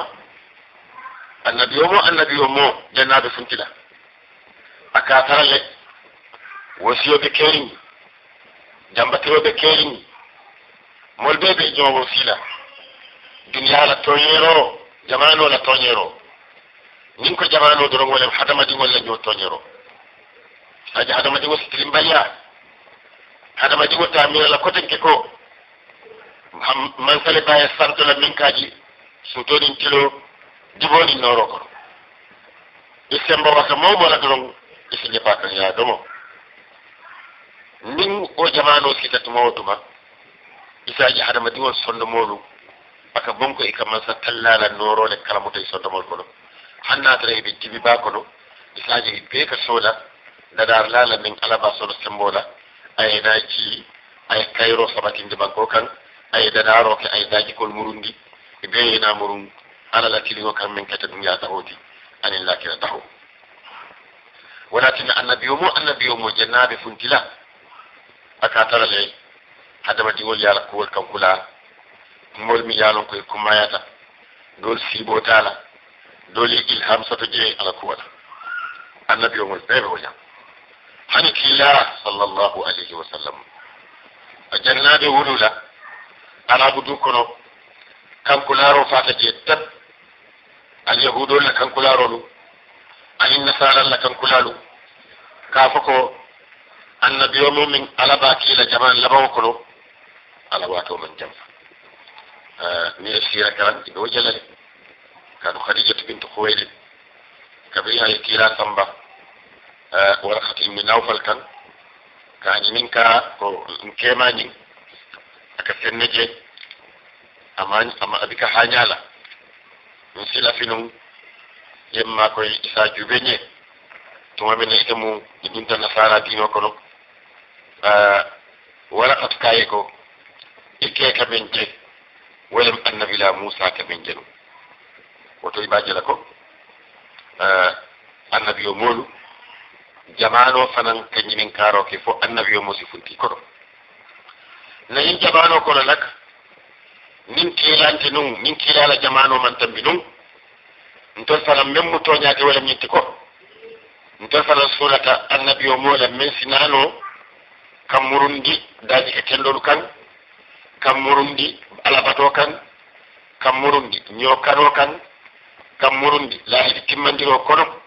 annabiyo mo annabiyo mo jannaaɓe funtila aka tarale wosiyoɓe keeriŋi jambatiroɓe keeriŋi mol be ɓe joowo fiila duniya la toñero jamano la toñero nin ko jamano doron wolem hadamadiŋol la joo toñero aji hadamadiŋo sitilim baliya hada ba wata mila mi la kotin ke ko man sale baye sarto la min kaji to din tilo jibo ni noro ko isem ba ka mo mo la don isi ba patan ya domo min o jamano kita tuma o tuma ji hada ma digo sondo lu aka bonko e kam sa tallala noro le kala mo tay sondo mo ko hanna tare be tibi ba ko ji be ka soda da dar lala min alaba sembo sembola ay naaki ay kayro sabatinde makko kan ay ke ay daakikol kol murundi be beyina murum ala lakkiligo kan min kata dunya ta hoti anin lakkira taho walakin annabiyo mo annabiyo mu jannabi funtila aka tara le hadama wol yala wol kan kula mol mi yalon koye kummayata dol siibotala doli ilham Sato je ala kuwala annabiyo mo ɓeɓe o jam حنكي الله صلى الله عليه وسلم أجلنا بولولا أنا بدوكنا كم كلارو فاتجيت اليهود لا كم كلارو أن النصارى لا كم كلارو كافكو النبي من على باكي لجمال لبوكنا على باكو من جنب آه ني سيرة كان وجلل كانوا خديجة بنت خويلد كبريها يكيرا سمبا warkat ibnu nawfal kan kañi min ka ko kemañin aka fenne je ama ama abi ka hañala min sila finum yemma koye isa juɓe ñe tuma mene itemu ɗinta nasara dino kono warkat kaye ko ikke kamen je welem annabila moussa kamen jenu woto iɓajela ko annabi o moolu jamano fanan ka ñinin ke fo annabi o musi funti koto nayin jamano kono nak nin kiilante nun nin kiilala jamano man tambi nun ntol fanan men mu toñaate wala ñitti ko ntol fanan sunata annabi o mola men sinano kam murundi daaji ke tenɗolu kan kam murundi alabato kan kam murundi ñookano kan kam murundi laahidi timmandiro kono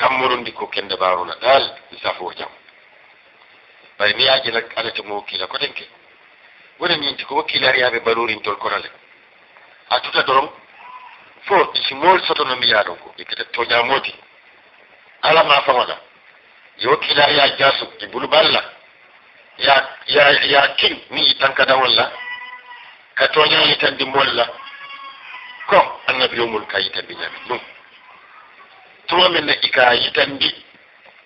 kammorondi ko kende mbaruna ɗal lissafi o jaam ɓay mi yaaji nak alate mo wakkila kotenke wona mi yinti ko wakkilariyaɓe barorintol korale a tuta doron fo isi mool sotono mi yaaɗon ko ɓikkata toñamodi ala ma famana yo wakkilariya jasu e bulu balla ya ya ya kin mi yitan kada walla ka toña yitandi molla ko annabi yomul ka yitandi ñami ɗum tuma min na i ka yitandi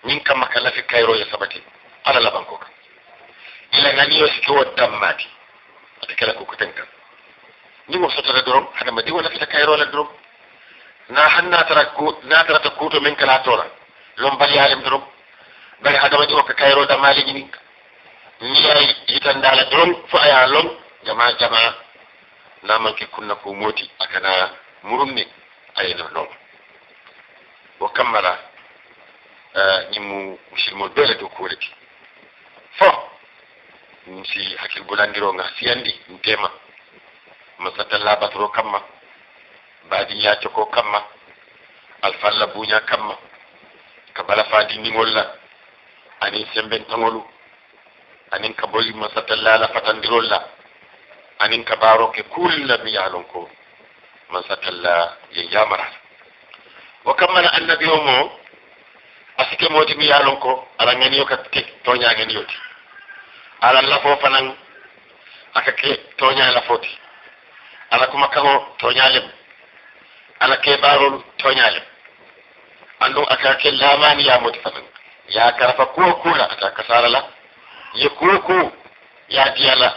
ñiŋ kamma ka lafi kayiro ye sabati ala labanko kan ila ŋaniyo si kewo dammaati ate kela ko kuten kan niŋ wo sotota doroŋ hadamadiwo lafita kayiro la doroŋ na haŋ natara natarata kuuto miŋ kala tora lon baliyalem doroŋ bari hadamadiwo ka kayiro damaali ñiniŋ niŋ ye yitanda la doroŋ fo a ye a loŋ jama jama namanke kunna ko mooti akana murum ne ayena loŋ وكمل آه، نمو وش المودل دوكولك ف نسي أكل بولانجرو نغسي عندي نتيما مسات الله بطرو كما بعدين يا تكو كما الفال بونيا كما كبالا فادي نمو لا أني سنبن تنولو أني نكبولي مسات الله لفتن درولا أني نكبارو كل ميالون كو مسات الله ينيا مرحب o kammana annabi o mo a sike moodi mi yaalon ko ala ganiyo ka ke toñaganiyo ti ala lafo fanan aka ke toña lafoti ala kuma kaŋo toñalem ala keɓarol toñalem andum aka ke lamani yamoti fanan ya karafa kuwo kula ata kasara la ye kuwo ku ya diya la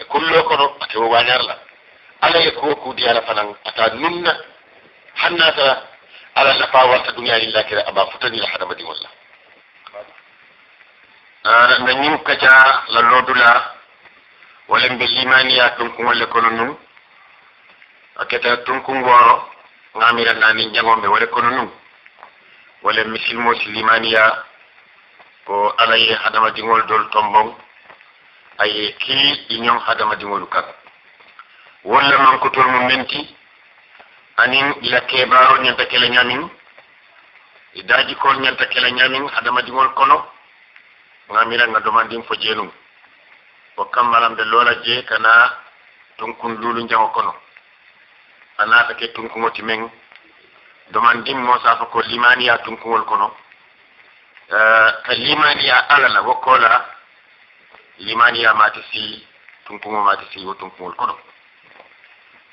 e kullo kono ate wo wañar la ala ye kuwo ku diya la fanan ata nunna hannata على شقاوة الدنيا إلا كذا أبا فتني لحد مدي ولا أنا نيم كجا للودلا ولم بالإيمانية تنكم ولا كنون أكتا تنكم ورو نعمل ناني جنوم ولا كنون wala misilmo silimaniya ko alaye hadamadiŋol dol tomboŋ aye ki iñoŋ hadamadiŋolu kan walla mankotol mu menti anin lekke baaro ñanta kele ñamin e daajikol ñanta kele ñamin hadamadiŋol kono ŋamira ŋa domandin fo jeenum wo kammalamde loola jee kana tunkun luulu njaŋo kono a ke tunkuŋo ti meŋ domandin moo saafa ko limaniya tunkuŋol kono ka limaniya ala la wo ko la limaniya maati si tunkuŋo maati si wo tunkuŋol kono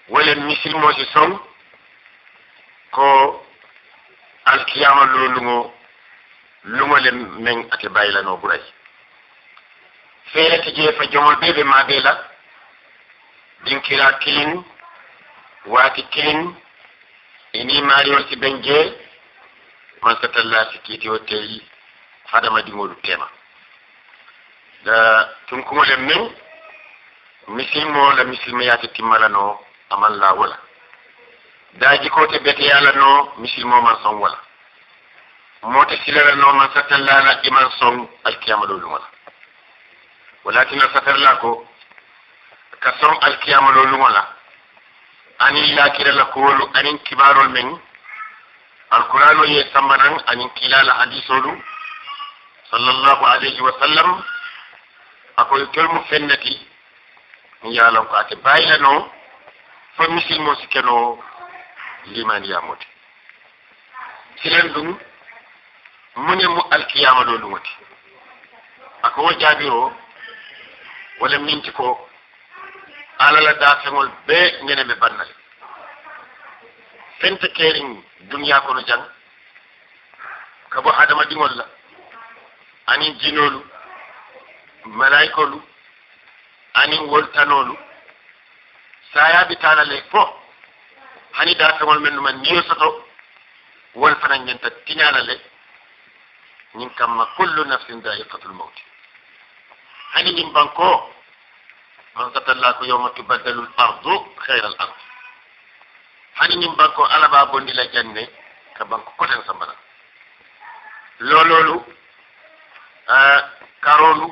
wolen misilmoo si soŋ ko alkiyama lo lungo lungo le men ate bayla no buray fere ke jefa jomol bebe ma bela dinkira kilin wati kilin ini mari on si benje man sa talla si kiti hotel fadama dingolu tema da tun kuma le men misilmo la misilme yati timmalano amalla wala daji kote bete yala no misilmo man son wala mota silara no man satallala iman son alkiyama lolum wala walakin satarla ko ka son alkiyama lolum wala ani lakira la kowolu anin kibarol men alqur'anol ye sambanan anin kilala hadisolu sallallahu alayhi wa sallam akoye tolmu fennati mi yalan ko ate bayila no fo misilmo sikkeno limani yamode hiren ɗum mune mu alkiyama ɗo ɗum wati ako wo jaabiro wala minti ko alala dafeŋol be ngene ɓe bannale fente kerin duniya kono jang kabo hadama ɗiŋol la anin jinolu malaikolu anin woltanolu sayaɓi tanale fof hani da feŋol mennu man niyo sato wal fana ñanta tiñala le ñin kamma kullu nafsin daiqatul maut hani ñin banko man satallako yawma tubaddalu l ardu khayra al ardu hani ñin banko alaba bondi la janne ka banko koten sambana lololu karolu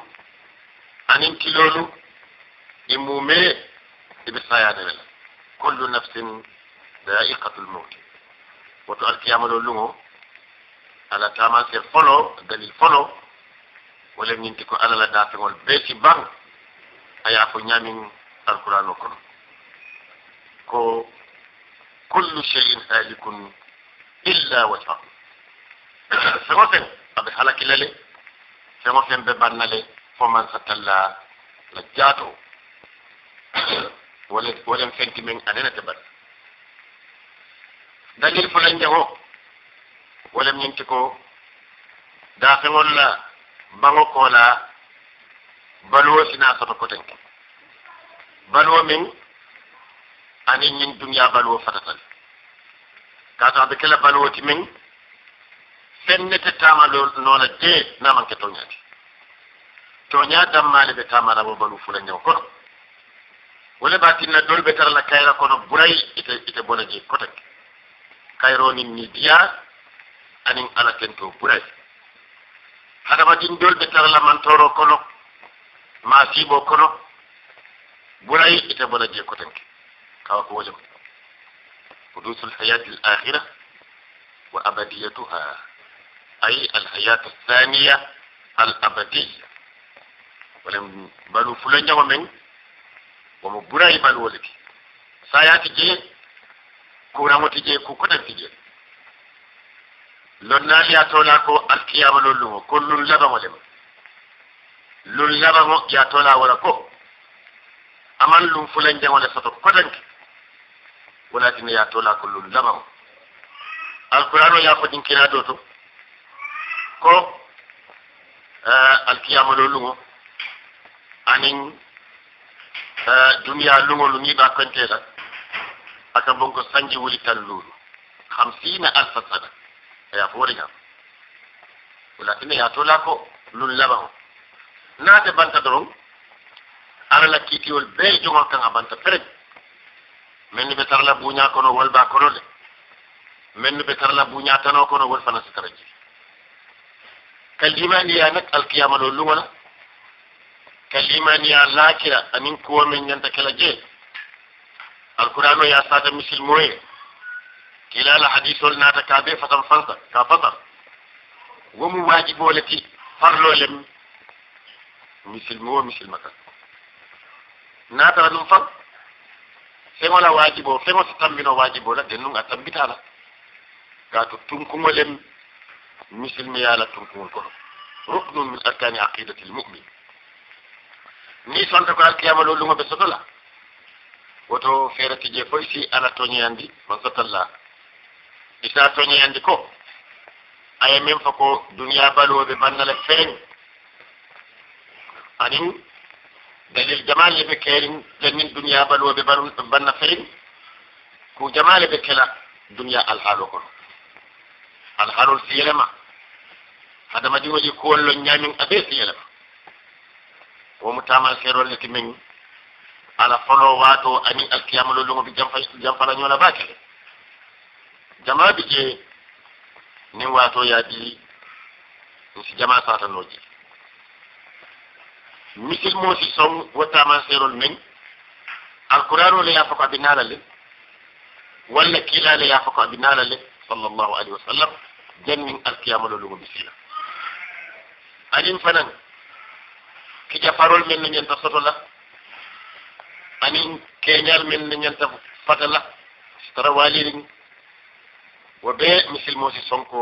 anin kilolu lolu imume ibe la kullu nafsin سائقة الموت وتؤكد يعمل له على كما سيفولو دليل فولو ولم ينتكو على لدافع والبيت بان أي عفو نامين القرآن وكرم كل شيء هالك إلا وجهه سنوثن أبي حلق للي سنوثن ببان للي فمن ستلا لجاتو ولم فنت من أنين تبرد دليل فلان هو ولم ينتكو داخل ولا بانو كولا بلو سنا سبكوتنك بلو من أني من دنيا بلو فتتل كاتا بكلا بلو من فنة تاما نونا دي نامن كتونياتي toña dammale ɓe tamara bo balu fula ñaw kono wole batinna dol ɓe tara la kayra kono burayi ite ite bona je kotake kayronin ni diya anin ala kento buray hadamatin dolɓe tara lamantoro kono masibo kono buray ita bona je kotanke kawa ko wajam hudusul hayati l akhira wa abadiyatuha ay alhayatu thaniya al abadiya walam balu fula ñawa men womo buray balu woleke sayati jee kuramo tije ku kotan tije lonnaali a tola ko alkiyama lollugo ko lun labamo lema lun labamo ya tola wala ko aman lum fulan jangole soto kotanke wonatino ya tola ko lun labamo alqur'an o yafo ɗinkina do to ko eh, alkiyama lollugo anin eh, duniya lugol ngiɓa konteɗan aka bonko sanji wuli kan lulu hamsina alfa sana aya fori jam walakin ya tola ko lun labahu naate banta doron ara la kiitiwol bee joŋol kaŋa banta ferej men ni ɓe tara la buuñaa kono wol baa kono de men ni ɓe tara la buuñaa tanoo kono wol fana si tara jii kalimaniya nak alkiyama ɗo luŋo la kalimaniya laakira anin kuwo men ñanta kela jee القرآن يا أستاذ مثل موي كلال حديث ولنا تكابي فتر فتر كفتر ومواجب ولتي فرلو لم مثل موي مثل مكان ناتا لم فر سيما لا واجب سيما ستم بنا واجب ولا دنو أتم بتالا كاتو تنكم لم مثل ميالا تنكم الكرة ركن من أركان عقيدة المؤمن ni sant ko ak yamalo luma be sotola woto feeratije fo si ala toñoyandi masatalla i sa toñoyandi ko aya min fa ko duniya baluwoɓe bannale feeñ anin dalil jamalle ɓe keerin jannin duniya baluwoɓe banna feeñ ko jamale ɓe kela duniya alhaalo kono alhaalol siyelema hadamaji oji kuwollo ñamin abe siyelema womo tamal seerolle ti min ala folo wato ani alkiyama lolongo bi janfala ñola bakele jama bi je ni wato ya bi nsi jama satanoji misil mo ci song wata ma serol men alqur'anu la yafo ko abinala le walla kiila le yafo ko abinala le sallallahu alaihi wasallam wa min jannin alkiyama lolongo bi sila anin fanan ki ja parol men no ta soto la anin keñal men ne ñanta fatala tara waliriñ wo ɓe misilmo si sonko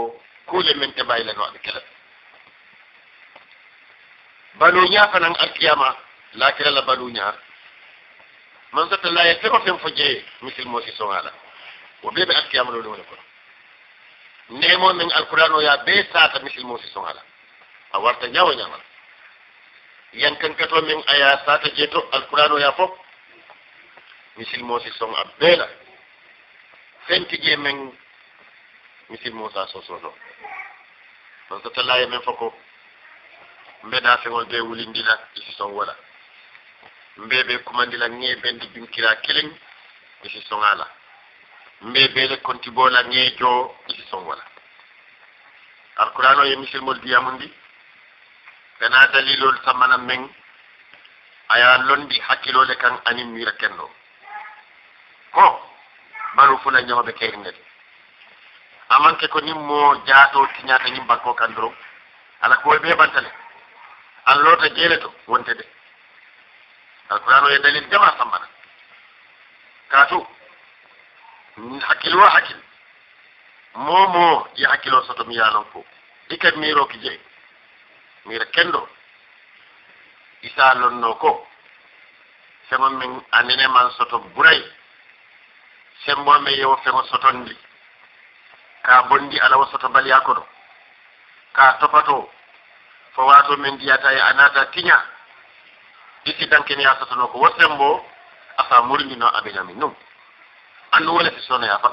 kuule men te mbaylano aɓe kela baluña fanan alkiyama lakirala baluña man sottala ye feo fen fo jeye misilmo si soŋala wo ɓe ɓe alkiyama lolu wone kono nemo men alquran o ya be sata misilmo si soŋala a warta ñawo ñamala yankankato men aya sata jeeto alquran o ya fof misilmo si son a beela fenti je men misilmo sa sosoto ɗon so tallaye men fof ko mbeɗa feŋol ɓe wulindila isi son wala mbeɓe kumandila ŋe ɓendi junkira keleŋ isi son ala mbeɓele kontibola ŋe jo isi son wala alquran o ye misilmol diyamundi ɓena dalilol sammana men aya londi le kan anin mira kenɗo ko baro fula ñama ɓe kayringati amanke ko nin mo jaato tiñata ñim bakko kan doron ala ko ɓe bantale an loota jeele to wonte de alqur'an o e dalil dema sammana kaatu hakkil wo hakkil momo yo hakkilo soto mi yaalon ko ikat miiro ki jeyi miira kendo isa lonno ko semon min anene man soto burayi sembo me yewo feŋo sotondi ka bondi ala wasoto bal yakodo ka topato fo wato min diyata ya anata tinya diti isi ni asoto no ko asa murmi no asa min no num andu wole si ya fa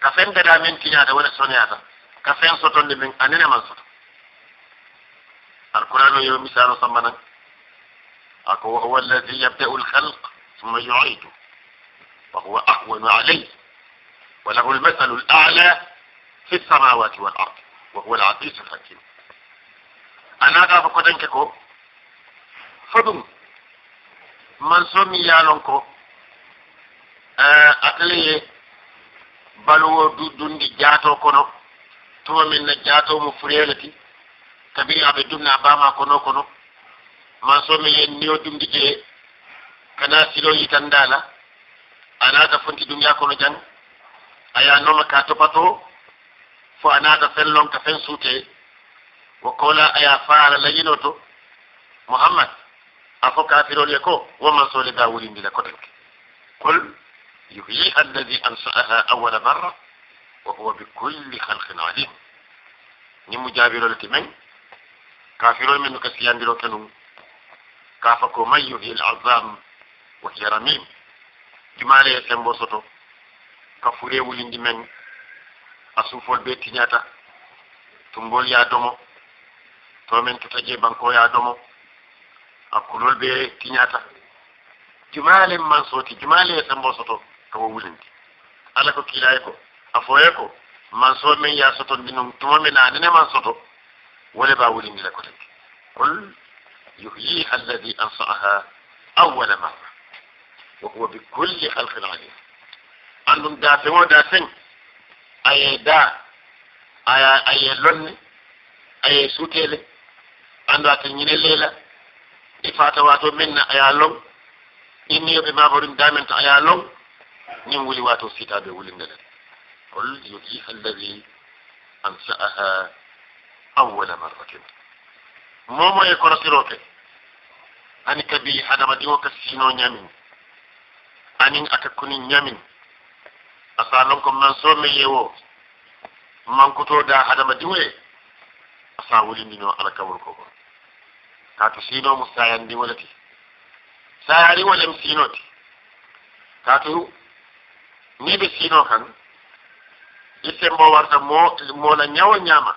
ka fen da men tinya da wala tiñata ya sonoyata ka fen men anene aneneman soto alquranu yo misalo sambanan ako wa huwa alladi yabda'u alhalq thumma yu'idu وهو أهون عليه وله المثل الأعلى في السماوات والأرض وهو العزيز الحكيم أنا غاب قدنك كو فضم من سمي يالونكو آه، أتلي بلو دون دي جاتو كنو تو من جاتو مفريلتي تبي أبي دمنا باما كنو كنو من سمي ينيو دم دي جي كنا سيلو يتندالا anata fonti duniya kono jan aya non ka to pato fo anata fellon ka fen sute wo kola aya faala layino to muhammad afo kafirol ye ko dawuri mi le ko kotenke kul yuhyiha alladhi ansaha awwal marra wa huwa bi kulli khalqin alim ñi mu jaabirole ti men kafirol men ko ka siyandiro kenum kafa ko man yuhyi alazam wa hiya timale sembo soto ka furewulindi men a suufol be tiñata tumbol ya domo tomen tuta je banko ya domo a kulol be tiñata jumale man soti jumale sembo soto kawo wulindi ala ko kiilaye ko a foye ko man so men ya sotondi noon tuma men anene man soto wole ba wulindira ko tagi qul yuhyiha alladi ansaaha awwala marra وهو بكل خلق عليم عندهم داسمو داسن أي دا أي أي لون أي سوتيل عندها تنين الليلة إفاتة واتو منا أي لون إني يبي ما برم دامن أي لون نمولي واتو سيتا بولن قل يحييها الذي أنسأها أول مرة مومو يكرسي روكي أني كبي حدا مديوك السينو نيامين anin ata kuni ñamin asa lon ko man so men yewo mankutoɗa hadama diwoye asa wulindino ala kawol ko kon sino siinomo sayandi wolati sayari ti. ka kaatu ni bi sino kan mo warta mo mola nyama. ñaama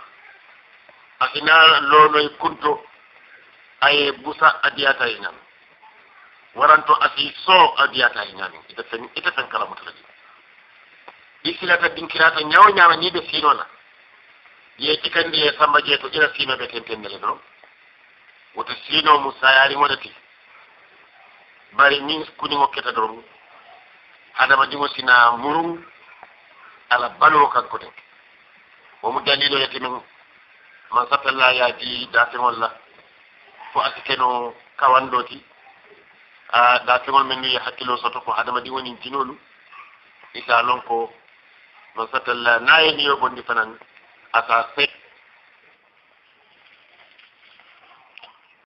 asina loonoye kunto aye busa adiyata e waranto asi so adiyata ñani ita fen ita fen kala mutala ji isilata dinkirata ñaw ñama ni be sino la ye cikandi ye samba je to ina sino be tentendele do woto sino musa yari wonati bari min kuningo keta doru adama dingo sina murun ala baloo kanko ten womo dalilo yete min man sapella yaadi dafeŋol la fo asi keno kawanɗoti da kemol men ni hakkilo soto ko hadama ɗi woni tinolu isa lon ko no satalla naye ni yo bonndi fanan asa set